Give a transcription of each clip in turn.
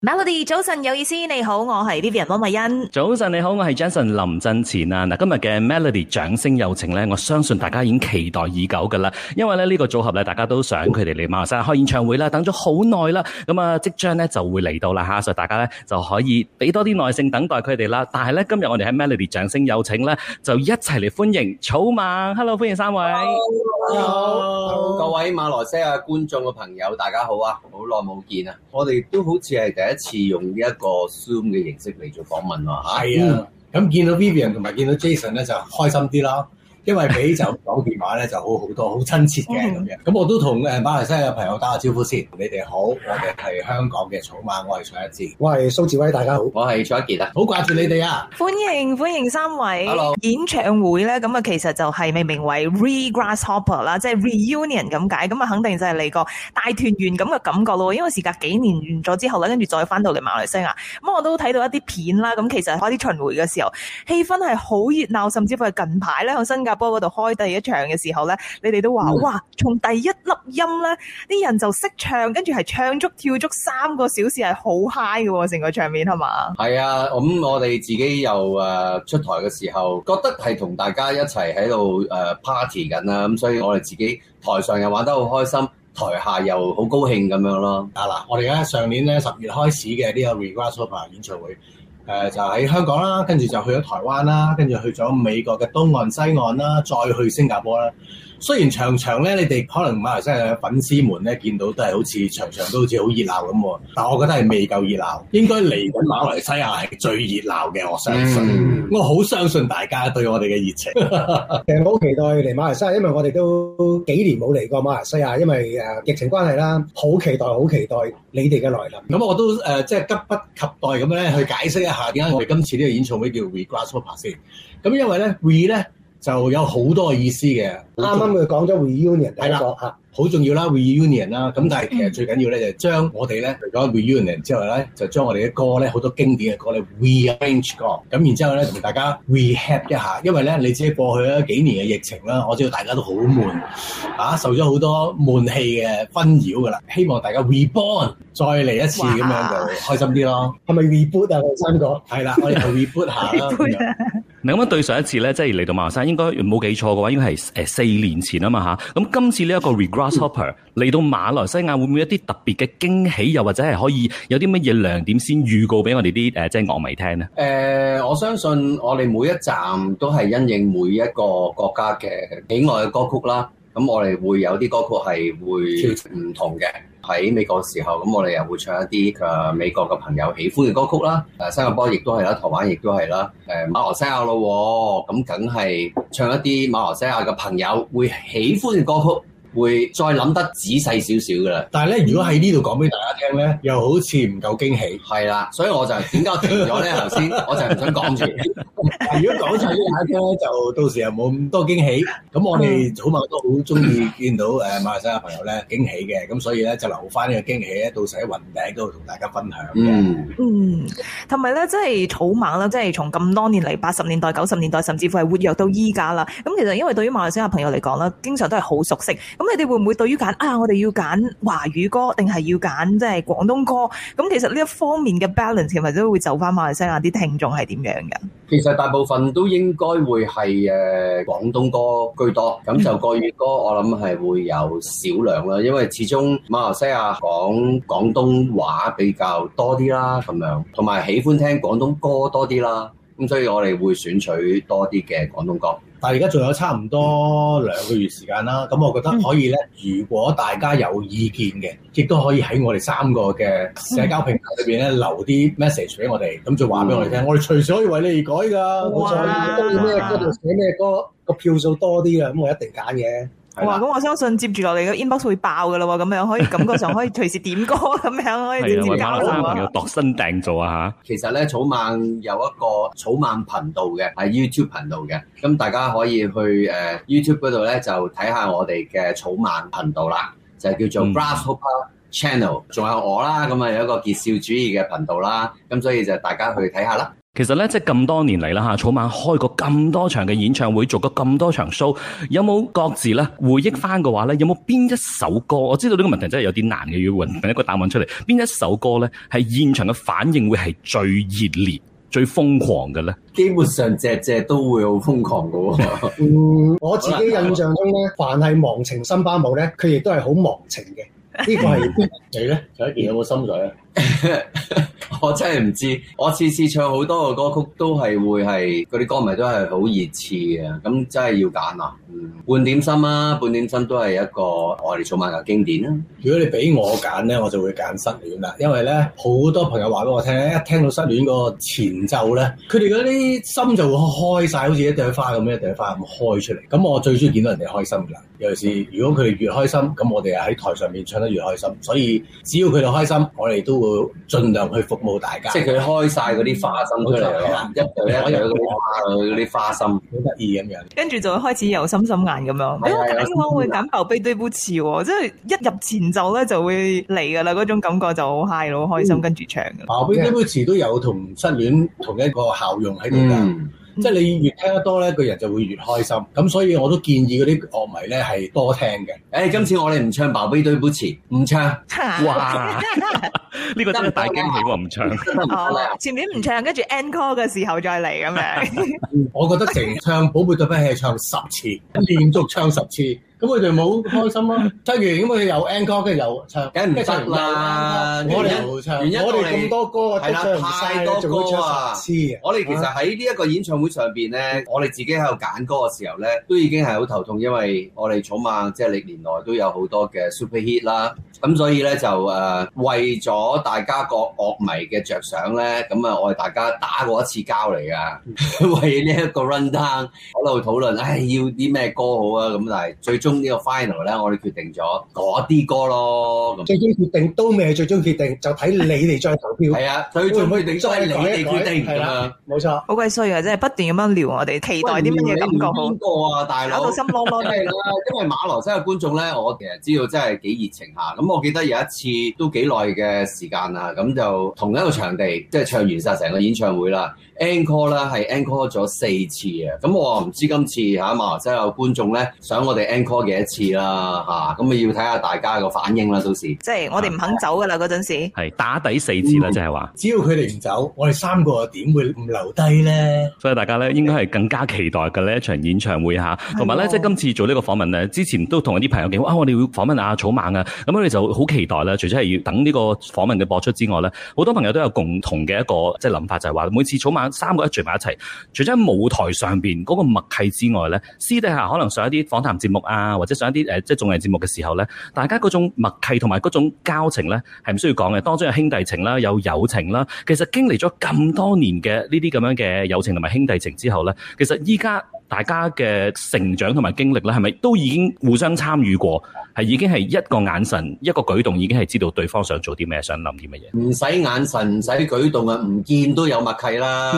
Melody 早晨有意思，你好，我係 Livia 汪慧欣。早晨你好，我係 Johnson 林振前啊！嗱，今日嘅 Melody 掌聲有請咧，我相信大家已經期待已久噶啦，因為咧呢個組合咧，大家都想佢哋嚟馬來西亞開演唱會啦，等咗好耐啦，咁啊即將咧就會嚟到啦吓，所以大家咧就可以俾多啲耐性等待佢哋啦。但係咧今日我哋喺 Melody 掌聲有請咧，就一齊嚟歡迎草蜢。Hello，歡迎三位，好，各位馬來西亞觀眾嘅朋友，大家好啊！好耐冇見啊，我哋都好似係嘅。一次用一個 Zoom 嘅形式嚟做訪問咯，係啊，咁、啊嗯、見到 Vivian 同埋見到 Jason 咧就開心啲啦。 因為比就講電話咧就好好多，好親切嘅咁樣。咁、嗯、我都同誒馬來西亞嘅朋友打下招呼先。你哋好，我哋係香港嘅草蜢，我係蔡一智，我係蘇志威，大家好，我係蔡一傑啊，好掛住你哋啊，歡迎歡迎三位。Hello 演唱會咧，咁啊，其實就係咪命名為 re grasshopper 啦，hop per，即係 reunion 咁解，咁啊，肯定就係嚟個大團圓咁嘅感覺咯。因為時隔幾年完咗之後咧，跟住再翻到嚟馬來西亞，咁我都睇到一啲片啦。咁其實開始巡迴嘅時候，氣氛係好熱鬧，甚至乎係近排咧喺新加波嗰度開第一場嘅時候咧，你哋都話哇，從第一粒音咧，啲人就識唱，跟住係唱足跳足三個小時係好 high 嘅，成個場面係嘛？係啊，咁、嗯、我哋自己又誒出台嘅時候，覺得係同大家一齊喺度誒 party 緊啦，咁、嗯、所以我哋自己台上又玩得好開心，台下又好高興咁樣咯。啊嗱，我哋而家上年咧十月開始嘅呢個 Regresso 演唱會。誒就喺香港啦，跟住就去咗台灣啦，跟住去咗美國嘅東岸、西岸啦，再去新加坡啦。雖然場場咧，你哋可能馬來西亞嘅粉絲們咧見到都係好似場場都好似好熱鬧咁喎，但我覺得係未夠熱鬧，應該嚟緊馬來西亞係最熱鬧嘅，我相信。Mm. 我好相信大家對我哋嘅熱情。 其實我好期待嚟馬來西亞，因為我哋都幾年冇嚟過馬來西亞，因為誒疫情關係啦。好期待，好期，期待你哋嘅來臨。咁、嗯、我都誒、呃、即係急不及待咁樣咧去解釋一下點解我哋今次呢個演唱會叫 We Grasshopper 先。咁、嗯、因為咧，we 咧。就有好多嘅意思嘅，啱啱佢講咗 reunion，係啦嚇，好了、啊、重要啦 reunion 啦，咁但係其實最緊要咧就將我哋咧嚟講 reunion 之後咧，就將我哋嘅歌咧好多經典嘅歌咧 rearrange 歌，咁然之後咧同大家 rehab 一下，因為咧你知過去咧幾年嘅疫情啦，我知道大家都好悶 啊，受咗好多悶氣嘅紛擾噶啦，希望大家 reborn 再嚟一次咁樣就開心啲咯，係咪 reboot 啊？阿生哥，係啦，我哋 reboot 下啦。 啊 你明唔明？對上一次呢？即係嚟到馬來西亞，應該冇記錯嘅話，應該係誒四年前嘛啊嘛嚇。咁今次呢一個 Grasshopper 嚟到馬來西亞，會唔會一啲特別嘅驚喜，又或者係可以有啲乜嘢亮點先預告俾我哋啲誒即係樂迷聽呢？誒、呃呃呃，我相信我哋每一站都係因應每一個國家嘅喜愛嘅歌曲啦。咁我哋會有啲歌曲係會唔同嘅。喺美國時候，咁我哋又會唱一啲誒美國嘅朋友喜歡嘅歌曲啦。新加坡亦都係啦，台灣亦都係啦。誒馬來西亞咯，咁梗係唱一啲馬來西亞嘅朋友會喜歡嘅歌曲。會再諗得仔細少少㗎啦，但係咧，如果喺呢度講俾大家聽咧，又好似唔夠驚喜。係啦，所以我就點解停咗咧？頭先我就係唔想講住。如果講晒俾大家聽咧，就到時又冇咁多驚喜。咁我哋草蜢都好中意見到誒馬來西亞朋友咧驚喜嘅，咁所以咧就留翻呢個驚喜咧，到時喺雲頂度同大家分享嘅。嗯，同埋咧，即係草蜢啦，即係從咁多年嚟，八十年代、九十年代，甚至乎係活躍到依家啦。咁其實因為對於馬來西亞朋友嚟講咧，經常都係好熟悉。咁你哋會唔會對於揀啊？我哋要揀華語歌定係要揀即係廣東歌？咁其實呢一方面嘅 balance 其實都會走返馬來西亞啲聽眾係點樣嘅？其實大部分都應該會係誒廣東歌居多，咁就國語歌我諗係會有少量啦，嗯、因為始終馬來西亞講廣東話比較多啲啦，咁樣同埋喜歡聽廣東歌多啲啦。咁所以我哋會選取多啲嘅廣東歌，但係而家仲有差唔多兩個月時間啦。咁、嗯、我覺得可以咧，如果大家有意見嘅，亦都可以喺我哋三個嘅社交平台裏邊咧留啲 message 俾我哋，咁就話俾我哋聽。嗯、我哋隨時可以為你而改㗎。冇嗰度咩？嗰度寫咩歌？個票數多啲嘅，咁我一定揀嘅。哇！咁我相信接住落嚟嘅 inbox 會爆嘅咯，咁樣可以感覺上可以隨時點歌，咁 樣可以點點有度身訂做啊吓！其實咧草蜢有一個草蜢頻道嘅喺 YouTube 頻道嘅，咁大家可以去誒、呃、YouTube 嗰度咧就睇下我哋嘅草蜢頻道啦，就叫做 Grasshopper Channel，仲有我啦，咁啊有一個傑少主義嘅頻道啦，咁所以就大家去睇下啦。其實咧，即係咁多年嚟啦嚇，草蜢開過咁多場嘅演唱會，做過咁多場 show，有冇各自咧回憶翻嘅話咧，有冇邊一首歌？我知道呢個問題真係有啲難嘅，要揾一個答案出嚟。邊一首歌咧係現場嘅反應會係最熱烈、最瘋狂嘅咧？基本上隻隻都會好瘋狂嘅喎。嗯，我自己印象中咧，凡係忘情森巴舞咧，佢亦都係好忘情嘅。呢、這個係你咧，蔡 一傑有冇心水啊？ 我真係唔知，我次次唱好多嘅歌曲都係會係嗰啲歌迷都係好熱刺嘅，咁真係要揀啊！嗯，半點心啊，半點心都係一個我哋草蜢嘅經典啦、啊。如果你俾我揀呢，我就會揀失戀啦，因為呢，好多朋友話俾我聽，一聽到失戀個前奏呢，佢哋嗰啲心就會開晒，好似一朵花咁，一朵花咁開出嚟。咁我最中意見到人哋開心噶，尤其是如果佢哋越開心，咁我哋啊喺台上面唱得越開心。所以只要佢哋開心，我哋都會盡量去服務大家，即係佢開晒嗰啲花心出嚟一啲花，心，好得意咁樣。跟住就開始有心心眼咁 Yeah, 樣。對心心我解嘅話，嗯、會揀《寶貝對不起》喎，即係一入前奏咧就會嚟噶啦，嗰種感覺就好 high 咯，開心跟住唱嘅。寶貝對不起都有同失戀同一個效用喺度㗎。嗯即係你越聽得多咧，個人就會越開心。咁所以我都建議嗰啲樂迷咧係多聽嘅。誒、欸，今次我哋唔唱《寶貝對不起》嗰次唔唱，哇！呢個真係大驚喜喎，唔唱。好 哦，前面唔唱，跟住 encore 嘅時候再嚟咁樣。 我覺得成唱《寶貝對不起》係唱十次，連續唱十次，咁佢哋冇開心咯、啊。跟住咁佢有 encore，跟住又唱，梗唔得啦。原因，我哋咁多歌，係啦、啊，太多歌啊！次啊我哋其實喺呢一個演唱會上邊咧，嗯、我哋自己喺度揀歌嘅時候咧，都已經係好頭痛，因為我哋草蜢即係歷年來都有好多嘅 super hit 啦。咁 所以咧就誒為咗大家個樂迷嘅着想咧，咁啊我哋大家打過一次交嚟噶，為呢一個 rundown 我哋討論，唉要啲咩歌好啊？咁但係最終呢個 final 咧，我哋決定咗嗰啲歌咯。最終決定都未係最終決定，就睇你哋再投票。係 啊，佢仲可以定你哋一定係啦，冇、啊、錯。好鬼衰啊！真係不斷咁樣聊我哋，期待啲乜嘢感覺？邊個啊，大佬！心慌咯～係啦，因為馬來西亞觀眾咧，我其實知道真係幾熱情下。咁。咁我記得有一次都幾耐嘅時間啦，咁就同一個場地，即係唱完晒成個演唱會啦。Encore 啦，係 Encore 咗四次，四次，次啊！咁我唔知今次吓嘛，即係有嘅觀眾咧，想我哋 Encore 幾多次啦？吓、啊，咁要睇下大家個反應啦。到時即係我哋唔肯走噶啦，嗰陣時係打底四次啦，即係話只要佢哋唔走，我哋三個點會唔留低咧？所以大家咧應該係更加期待嘅呢一場演唱會吓，同埋咧即係今次做呢個訪問咧，之前都同啲朋友講啊，我哋要訪問阿草蜢啊，咁我哋就。好期待啦！除咗係要等呢個訪問嘅播出之外咧，好多朋友都有共同嘅一個即係諗法，就係話每次草蜢三個一聚埋一齊，除咗喺舞台上邊嗰個默契之外咧，私底下可能上一啲訪談節目啊，或者上一啲誒即係綜藝節目嘅時候咧，大家嗰種默契同埋嗰種交情咧，係唔需要講嘅。當中有兄弟情啦，有友情啦。其實經歷咗咁多年嘅呢啲咁樣嘅友情同埋兄弟情之後咧，其實依家。大家嘅成長同埋經歷呢，係咪都已經互相參與過？係已經係一個眼神、一個舉動，已經係知道對方想做啲咩、想諗啲乜嘢？唔使眼神，唔使舉動啊，唔見都有默契啦。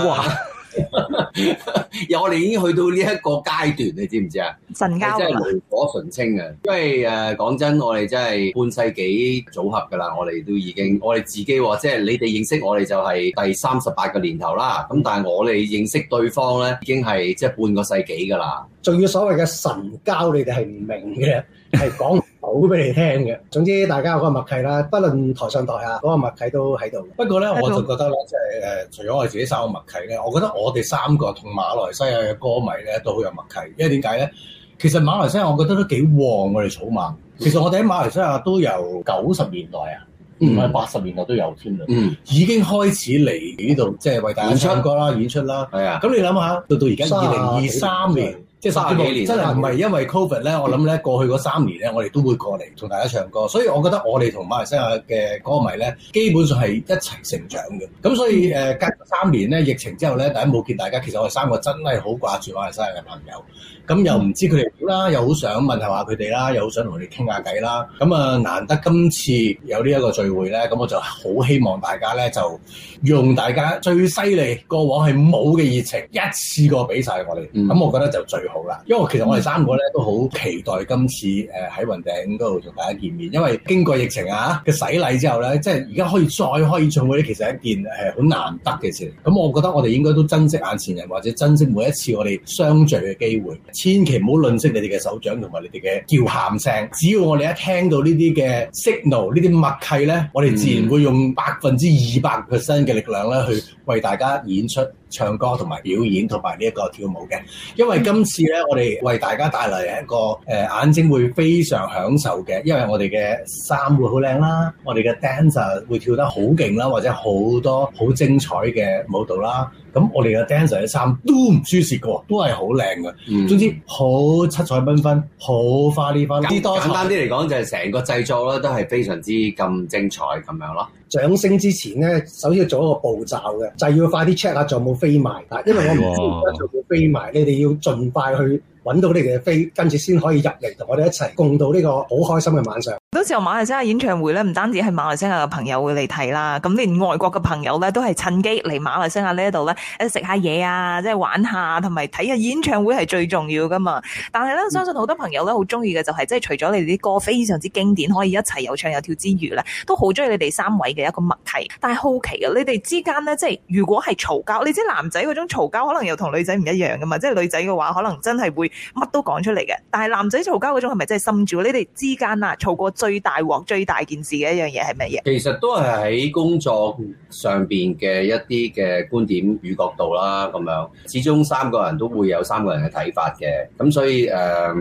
又我哋已經去到呢一個階段，你知唔知啊？神交真係爐火純青啊！因為誒，講真，我哋真係半世紀組合噶啦，我哋都已經，我哋自己話，即係你哋認識我哋就係第三十八個年頭啦。咁但係我哋認識對方咧，已經係即係半個世紀噶啦。仲要所謂嘅神交，你哋係唔明嘅，係講。好俾你聽嘅，總之大家有個默契啦，不論台上台下嗰個默契都喺度。不過咧，我就覺得咧，即係誒，除咗我自己三個默契咧，我覺得我哋三個同馬來西亞嘅歌迷咧都好有默契。因為點解咧？其實馬來西亞我覺得都幾旺我哋草蜢。其實我哋喺馬來西亞都有九十年代啊，唔係八十年代都有添啦。嗯，已經開始嚟呢度，即係為大家唱歌啦，演出啦。係啊的，咁你諗下，到到而家二零二三年。即係三十幾年，真係唔係因為 Covid 咧，我諗咧過去嗰三年咧，我哋都會過嚟同大家唱歌，所以我覺得我哋同馬來西亞嘅歌迷咧，基本上係一齊成長嘅。咁所以誒，隔咗三年咧，疫情之後咧，大家冇見大家，其實我哋三個真係好掛住馬來西亞嘅朋友，咁又唔知佢哋點啦，又好想問下佢哋啦，又好想同佢哋傾下偈啦。咁啊，難得今次有呢一個聚會咧，咁我就好希望大家咧，就用大家最犀利、過往係冇嘅熱情，一次過俾晒我哋。咁我覺得就最好。好啦，因為其實我哋三個咧都好期待今次誒喺雲頂嗰度同大家見面，因為經過疫情啊嘅洗禮之後咧，即係而家可以再開演唱會咧，其實係一件誒好難得嘅事。咁我覺得我哋應該都珍惜眼前人，或者珍惜每一次我哋相聚嘅機會，千祈唔好吝惜你哋嘅手掌同埋你哋嘅叫喊聲。只要我哋一聽到呢啲嘅 signal，呢啲默契咧，我哋自然會用百分之二百 percent 嘅力量咧去為大家演出。唱歌同埋表演同埋呢一個跳舞嘅，因為今次呢，我哋為大家帶嚟一個誒眼睛會非常享受嘅，因為我哋嘅衫會好靚啦，我哋嘅 dancer 會跳得好勁啦，或者好多好精彩嘅舞蹈啦。咁我哋嘅 Dancer 嘅衫都唔舒適過，都係好靚嘅。嗯、總之好七彩繽紛，好花呢番。簡單啲嚟講，就係成個製作咧都係非常之咁精彩咁樣咯。掌聲之前咧，首先要做一個步驟嘅，就係、是、要快啲 check 下仲有冇飛埋。但因為我唔知仲有冇飛埋，哦、你哋要盡快去揾到你哋嘅飛，跟住先可以入嚟同我哋一齊共度呢個好開心嘅晚上。到時候馬來西亞演唱會咧，唔單止係馬來西亞嘅朋友會嚟睇啦，咁連外國嘅朋友咧都係趁機嚟馬來西亞呢一度咧，誒食下嘢啊，即係玩下，同埋睇下演唱會係最重要噶嘛。但係咧，相信好多朋友咧好中意嘅就係，即係除咗你哋啲歌非常之經典，可以一齊有唱有跳之餘咧，都好中意你哋三位嘅一個默契。但係好奇啊，你哋之間咧，即係如果係嘈交，你知男仔嗰種嘈交可能又同女仔唔一樣噶嘛？即係女仔嘅話，可能真係會乜都講出嚟嘅。但係男仔嘈交嗰種係咪真係心住？你哋之間啊，嘈過。最大鑊最大件事嘅一樣嘢係乜嘢？其實都係喺工作上邊嘅一啲嘅觀點與角度啦，咁樣始終三個人都會有三個人嘅睇法嘅，咁所以誒喺、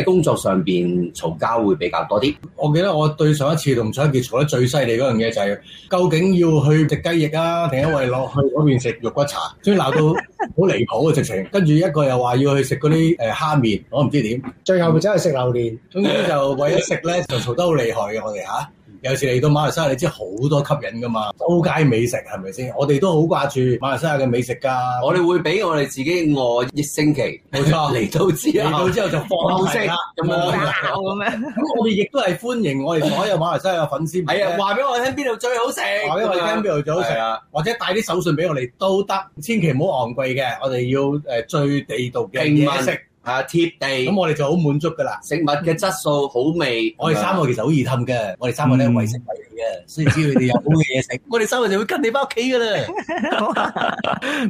um, 工作上邊嘈交會比較多啲。我記得我對上一次同蔡一傑嘈得最犀利嗰樣嘢就係究竟要去食雞翼啊，定係為落去嗰邊食肉骨茶？終於鬧到好離譜嘅、啊、直情，跟住一個又話要去食嗰啲誒蝦麵，我唔知點，最後咪真係食榴槤，總之、嗯、 就為咗食咧。嘈嘈得好厲害嘅，我哋吓、啊，有時嚟到馬來西亞，你知好多吸引噶嘛，都街美食係咪先？我哋都好掛住馬來西亞嘅美食噶，我哋會俾我哋自己餓一星期，冇錯錯，嚟到之後嚟到之後就放肆咁樣搞咁樣，咁了我哋亦了 都係歡迎我哋所有馬來西亞嘅粉絲。係啊，話俾我聽邊度最好食，話俾我聽邊度最好食啊，或者帶啲手信俾我哋都得，千祈唔好昂貴嘅，我哋要誒最地道嘅食。啊，貼地咁，我哋就好滿足噶啦。食物嘅質素、嗯、好味，吧我哋三個其實好易氹嘅。我哋三個咧，為食為嚟嘅，所以知佢哋有好嘅嘢食。 我哋三個就會跟你翻屋企噶啦。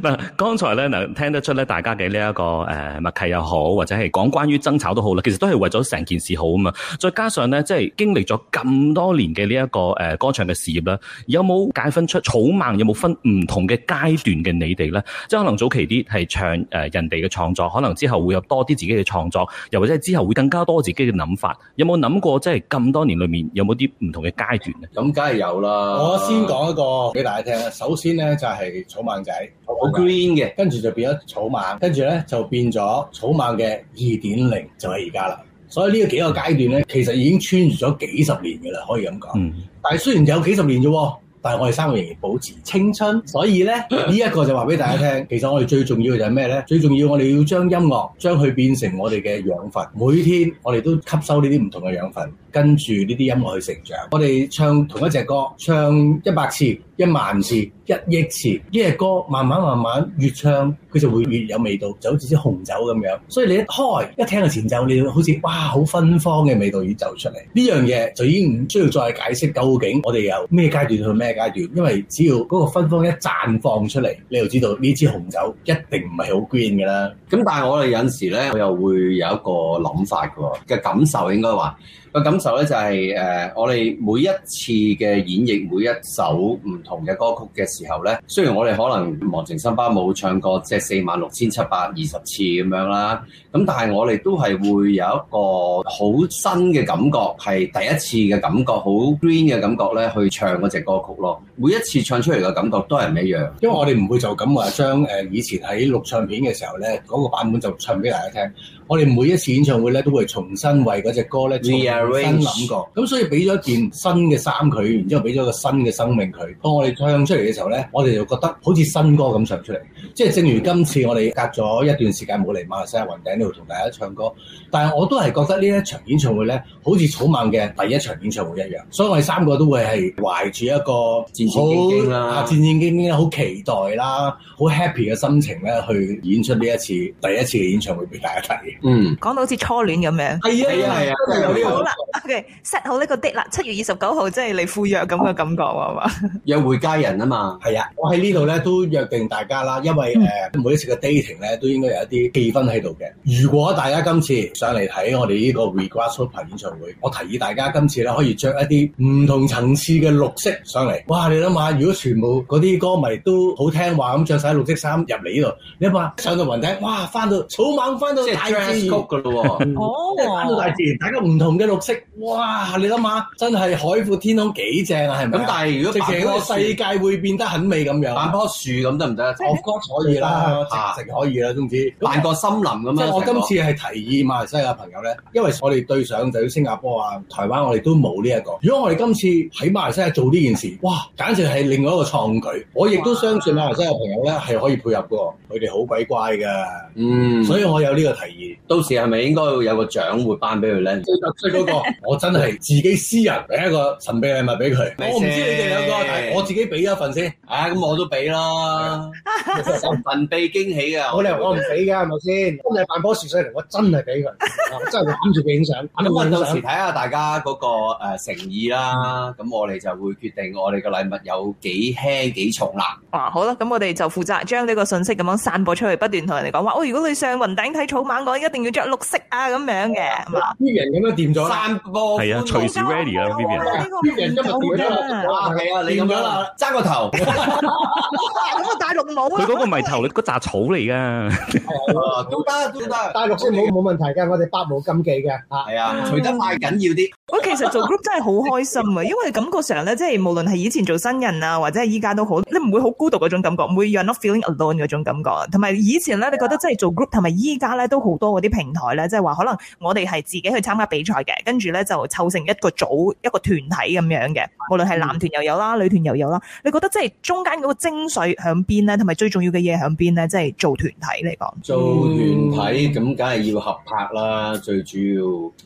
嗱，剛才咧嗱，聽得出咧，大家嘅呢一個誒默契又好，或者係講關於爭吵都好啦，其實都係為咗成件事好啊嘛。再加上咧，即係經歷咗咁多年嘅呢一個誒歌唱嘅事業啦，有冇解分出草蜢有冇分唔同嘅階段嘅你哋咧？即係可能早期啲係唱誒人哋嘅創作，可能之後會有多啲。自己嘅創作，又或者之後會更加多自己嘅諗法，有冇諗過即係咁多年裏面有冇啲唔同嘅階段咧？咁梗係有啦。我先講一個俾大家聽啦。首先咧就係草蜢仔，草蜢仔，好 green 嘅，跟住就變咗草蜢，跟住咧就變咗草蜢嘅二點零，就係而家啦。所以呢幾個階段咧，其實已經穿越咗幾十年嘅啦，可以咁講。嗯。但係雖然有幾十年啫喎。但係我哋三個仍然保持青春，所以呢，呢一個就話俾大家聽，其實我哋最重要嘅就係咩呢？最重要我哋要將音樂將佢變成我哋嘅養分，每天我哋都吸收呢啲唔同嘅養分。跟住呢啲音樂去成長，我哋唱同一隻歌，唱一百次、一萬次、一億次，呢隻歌慢慢慢慢越唱，佢就會越有味道，就好似支紅酒咁樣。所以你一開一聽到前奏，你好似哇，好芬芳嘅味道已經走出嚟。呢樣嘢就已經唔需要再解釋，究竟我哋有咩階段去咩階段？因為只要嗰個芬芳一綻放出嚟，你就知道呢支紅酒一定唔係好 green 嘅啦。咁但係我哋有時呢，我又會有一個諗法㗎嘅感受，應該話。個感受咧就係誒，我哋每一次嘅演繹每一首唔同嘅歌曲嘅時候咧，雖然我哋可能忘情森巴舞唱過即係四萬六千七百二十次咁樣啦，咁但係我哋都係會有一個好新嘅感覺，係第一次嘅感覺，好 green 嘅感覺咧去唱嗰隻歌曲咯。每一次唱出嚟嘅感覺都係唔一樣，因為我哋唔會就咁話將誒以前喺錄唱片嘅時候咧嗰個版本就唱俾大家聽。我哋每一次演唱會咧都會重新為嗰隻歌咧。新諗過，咁所以俾咗件新嘅衫佢，然之後俾咗個新嘅生命佢。當我哋唱出嚟嘅時候咧，我哋就覺得好似新歌咁唱出嚟。即係正如今次我哋隔咗一段時間冇嚟馬來西亞雲頂呢度同大家唱歌，但係我都係覺得呢一場演唱會咧，好似草蜢嘅第一場演唱會一樣。所以我哋三個都會係懷住一個戰戰兢兢啊、戰戰兢兢好期待啦、好 happy 嘅心情咧，去演出呢一次第一次嘅演唱會俾大家睇。嗯，講到好似初戀咁樣，係啊係啊係啊。O、okay, K. set 好呢個 date 啦，七月二十九號，即係你赴約咁嘅感覺，係嘛？約會家人啊嘛，係啊。我喺呢度咧都約定大家啦，因為誒、嗯、每一次嘅 dating 咧都應該有一啲氣氛喺度嘅。如果大家今次上嚟睇我哋呢個 Regress tour 演唱會，我提議大家今次咧可以着一啲唔同層次嘅綠色上嚟。哇！你諗下，如果全部嗰啲歌迷都好聽話咁着晒綠色衫入嚟呢度，你諗下上到雲頂，哇！翻到草蜢翻到大自然嘅咯，哦，翻到大自然，大家唔同嘅綠。哇！你諗下，真係海闊天空幾正啊，係咪？咁但係如果成個世界會變得很美咁樣，扮棵樹咁得唔得啊？我覺得可以啦，的直情可以啦，總之扮個森林咁樣。我今次係提議馬來西亞朋友咧，因為我哋對上就係新加坡啊、台灣，我哋都冇呢一個。如果我哋今次喺馬來西亞做呢件事，哇！簡直係另外一個創舉。我亦都相信馬來西亞朋友咧係可以配合嘅，佢哋好鬼乖㗎。嗯，所以我有呢個提議。到時係咪應該會有個獎會頒俾佢咧？ 哦、我真係自己私人俾一個神秘禮物俾佢，我唔知你哋兩個，我自己俾一份先。啊咁我都俾啦， 神秘驚喜嘅，冇理由我唔俾嘅係咪先？真係辦波事出嚟，我真係俾佢，真係攬住佢影相。咁到時睇下大家嗰個誒誠意啦，咁我哋就會決定我哋個禮物有幾輕幾重啦。啊好啦，咁、嗯、我哋就負責將呢個信息咁樣散播出去，不斷同人哋講話，我如果你上雲頂睇草蜢，我一定要着綠色啊咁樣嘅，啲人咁樣掂咗啦。係啊，隨時 ready 啊，Vivian，Vivian 今日點啊？哇，係啊，你咁樣啦，揸個頭，嗰 個 大陸冇啊，佢嗰個迷頭，你嗰紮草嚟噶、啊，都得都得，大陸先冇冇問題噶，我哋百無禁忌嘅，吓，係啊，隨得快緊要啲。我 其實做 group 真係好開心啊，因為感覺上咧，即係無論係以前做新人啊，或者係依家都好，你唔會好孤獨種感覺，唔會有 not feeling alone 嗰種感覺。同埋以前咧，你覺得即係做 group，同埋依家咧都好多啲平台咧，即係話可能我哋係自己去參加比賽嘅，跟住咧就湊成一個組一個團體咁樣嘅。無論係男團又有啦，女團又有啦，你覺得即係中間個精髓響邊咧？同埋最重要嘅嘢響邊咧？即係做團體嚟講，做團體咁梗係要合拍啦，最主要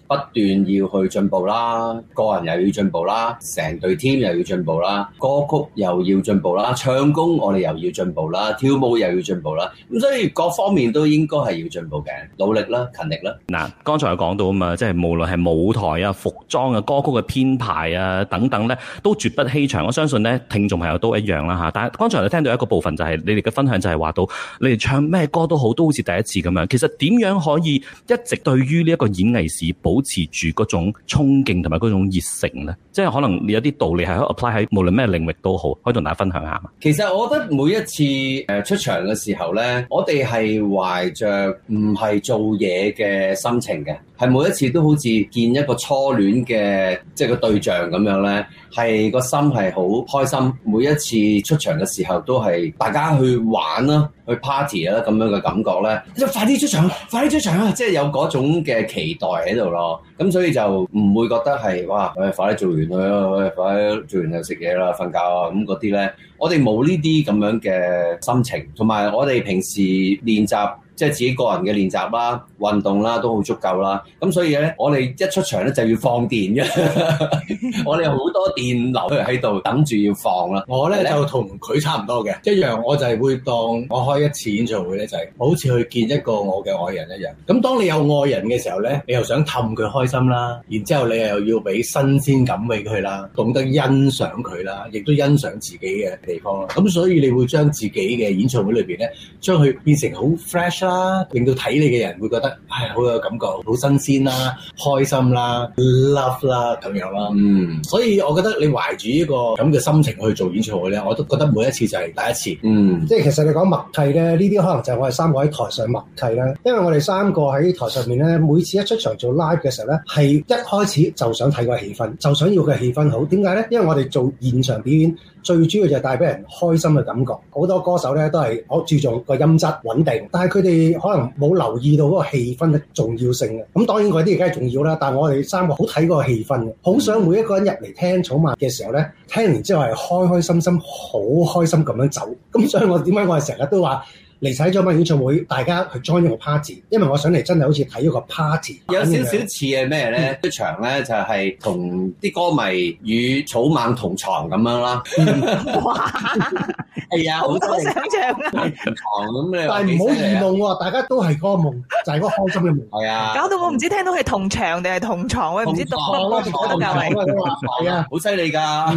不斷要去進步啦啦，個人又要進步啦，成隊 team 又要進步啦，歌曲又要進步啦，唱功我哋又要進步啦，跳舞又要進步啦，咁所以各方面都應該係要進步嘅，努力啦，勤力啦。嗱、呃，剛才我講到啊嘛，即係無論係舞台啊、服裝啊、歌曲嘅編排啊等等呢，都絕不欺場。我相信呢，聽眾朋友都一樣啦吓。但係剛才我聽到一個部分就係你哋嘅分享就係話到，你哋唱咩歌都好，都好似第一次咁樣。其實點樣可以一直對於呢一個演藝史保持住嗰種衝？勁同埋嗰種熱誠咧，即係可能你有啲道理係可以 apply 喺無論咩領域都好，可以同大家分享下。其實我覺得每一次誒出場嘅時候咧，我哋係懷着唔係做嘢嘅心情嘅，係每一次都好似見一個初戀嘅即係個對象咁樣咧，係個心係好開心。每一次出場嘅時候都係大家去玩啦、啊，去 party 啦、啊、咁樣嘅感覺咧，就快啲出場，快啲出場啊！即係有嗰種嘅期待喺度咯。咁所以就唔會覺得係哇，快啲做完佢，快啲做完就食嘢啦、瞓覺啊，咁嗰啲呢，我哋冇呢啲咁樣嘅心情，同埋我哋平時練習。即係自己個人嘅練習啦、運動啦，都好足夠啦。咁所以咧，我哋一出場咧就要放電嘅， 我哋好多電流喺度等住要放啦。我咧就同佢差唔多嘅一樣，我就係會當我開一次演唱會咧，就係好似去見一個我嘅愛人一樣，咁當你有愛人嘅時候咧，你又想氹佢開心啦，然之後你又要俾新鮮感俾佢啦，懂得欣賞佢啦，亦都欣賞自己嘅地方啦，咁所以你會將自己嘅演唱會裏邊咧，將佢變成好 fresh。啦，令到睇你嘅人會覺得唉，好有感覺，好新鮮啦，開心啦，Love 啦咁樣啦。嗯，所以我覺得你懷住呢個咁嘅心情去做演唱會呢，我都覺得每一次就係第一次。嗯，即係其實你講默契呢，呢啲可能就係我哋三個喺台上默契啦。因為我哋三個喺台上面呢，每次一出場做 Live 嘅時候呢，係一開始就想睇個氣氛，就想要個氣氛好。點解呢？因為我哋做現場表演。最主要就係帶俾人開心嘅感覺，好多歌手咧都係好注重個音質穩定，但係佢哋可能冇留意到嗰個氣氛嘅重要性嘅。咁當然嗰啲嘢梗係重要啦，但係我哋三個好睇嗰個氣氛嘅，好想每一個人入嚟聽草蜢嘅時候咧，聽完之後係開開心心、好開心咁樣走。咁所以我點解我哋成日都話？嚟晒咗晚演唱會，大家去 join 一個 party，因為我上嚟真係好似睇咗個 party，有少少似係咩咧？一場咧就係同啲歌迷與草蜢同床咁樣啦。 係啊，好多想象啊！床咁咩？但係唔好異夢喎，大家都係個夢，就係個開心嘅夢係啊。搞到我唔知聽到係同場定係同床喂，唔知同床咯，啊，好犀利噶！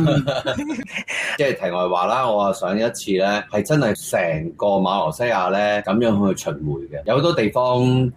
即係題外話啦，我啊上一次咧係真係成個馬來西亞咧咁樣去巡迴嘅，有好多地方誒，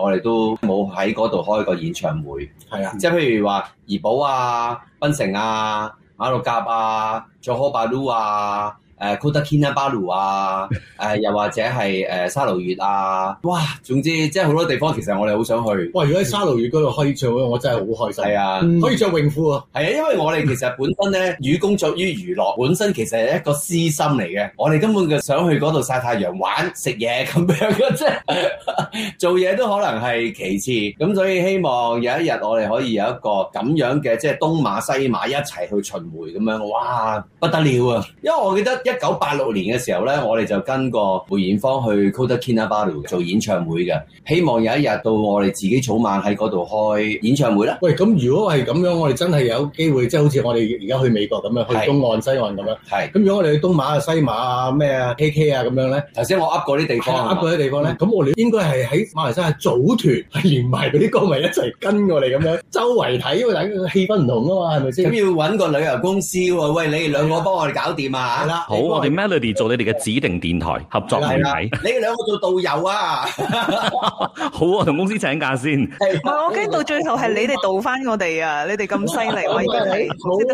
我哋都冇喺嗰度開過演唱會係啊。即係譬如話怡保啊、檳城啊、馬六甲啊、佐科巴魯啊。哥打基納巴魯啊，誒 又或者係誒沙勞越啊，哇！總之即係好多地方，其實我哋好想去。喂，如果喺沙勞越嗰度可以做，我真係好開心。係啊，嗯、可以着泳褲啊。係啊，因為我哋其實本身咧，寓工作於娛樂，本身其實係一個私心嚟嘅。我哋根本就想去嗰度曬太陽、玩、食嘢咁樣即係。 做嘢都可能係其次。咁所以希望有一日我哋可以有一個咁樣嘅，即係東馬西馬一齊去巡迴咁樣，哇！不得了啊！因為我記得。一九八六年嘅時候咧，我哋就跟過梅艷芳去 Kota Kinabalu 做演唱會嘅，希望有一日到我哋自己草蜢喺嗰度開演唱會啦。喂，咁如果係咁樣，我哋真係有機會，即係好似我哋而家去美國咁樣，去東岸、西岸咁樣。係。咁如果我哋去東馬啊、西馬啊、咩啊、KK 啊咁樣咧，頭先我噏過啲地方，噏過啲地方咧，咁我哋應該係喺馬來西亞組團，係連埋嗰啲歌迷一齊跟過嚟咁樣，周圍睇，因為大家氣氛唔同啊嘛，係咪先？咁要揾個旅遊公司喎，喂，你哋兩個幫我哋搞掂啊！係啦。好，我哋 Melody 做你哋嘅指定電台合作媒體。你哋兩個做導遊啊？好，我同公司請假先。唔係，我驚到最後係你哋導翻我哋啊！你哋咁犀利，我而家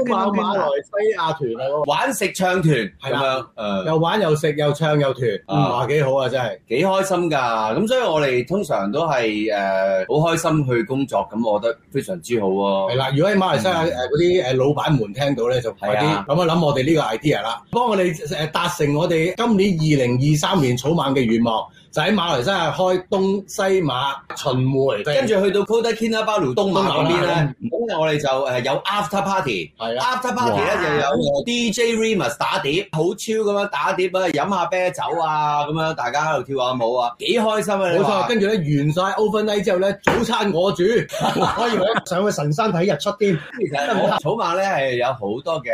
老馬馬來西亞團啊，玩食唱團係咪？誒，又玩又食又唱又團，哇，幾好啊！真係幾開心噶。咁所以我哋通常都係誒好開心去工作，咁我覺得非常之好喎。係啦，如果喺馬來西亞誒嗰啲誒老闆們聽到咧，就啲咁啊諗我哋呢個 idea 啦，幫我哋。誒，達成我哋今年二零二三年草蜢嘅願望，就喺馬來西亞開東西馬巡迴，跟住去到 Kota Kinabalu 東東南邊咧。今日我哋就誒有 after party，係啊 after party 咧就有 DJ Remus 打碟，好超咁樣打碟啊，飲下啤酒啊咁樣，大家喺度跳下舞啊，幾開心啊！冇錯，跟住咧完晒 open night 之後咧，早餐我煮，可 以去上去神山睇日出添。 其實草蜢咧係有好多嘅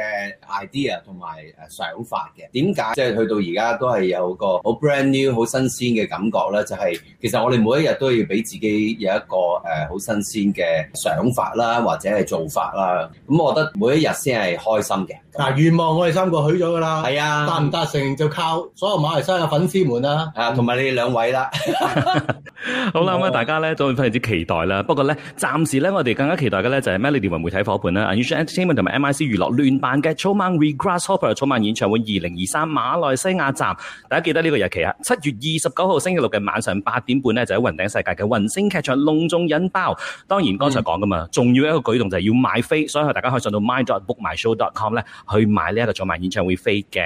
idea 同埋誒想法嘅。點解即係去到而家都係有個好 brand new、好新鮮嘅感覺咧？就係、是、其實我哋每一日都要俾自己有一個誒好新鮮嘅想法啦，或者或者係做法啦，咁、嗯、我覺得每一日先係開心嘅。嗱，願、啊、望我哋三個許咗噶啦，係啊，達唔達成就靠所有馬來西亞粉絲們啦，啊，同埋、嗯啊、你哋兩位啦。 好啦，咁啊、嗯，大家咧都係非常之期待啦。不過咧，暫時咧，我哋更加期待嘅咧就係 Melody 媒體伙伴啦 Universal Entertainment 同埋 M I C 娛樂聯辦嘅《草蜢 ReGrasshopper 草蜢演唱會二零二三馬來西亞站。大家記得呢個日期啊，七月二十九號星期六嘅晚上八點半咧，就喺雲頂世界嘅雲星劇場隆重引爆。當然剛才講噶嘛，仲要一個。舉動就係要買飛，所以大家可以上到 mind dot bookmyshow dot com 咧去買呢一個草蜢演唱會飛嘅。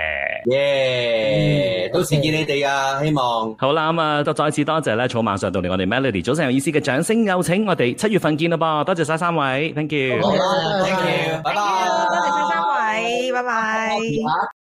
耶！到時見你哋啊，希望。好啦，咁啊，再再次多謝咧，草蜢上到嚟我哋 Melody，早上有意思嘅掌聲，有請我哋七月份見咯噃，多謝晒三位，Thank you，Thank you，拜拜！多謝晒三位，拜拜。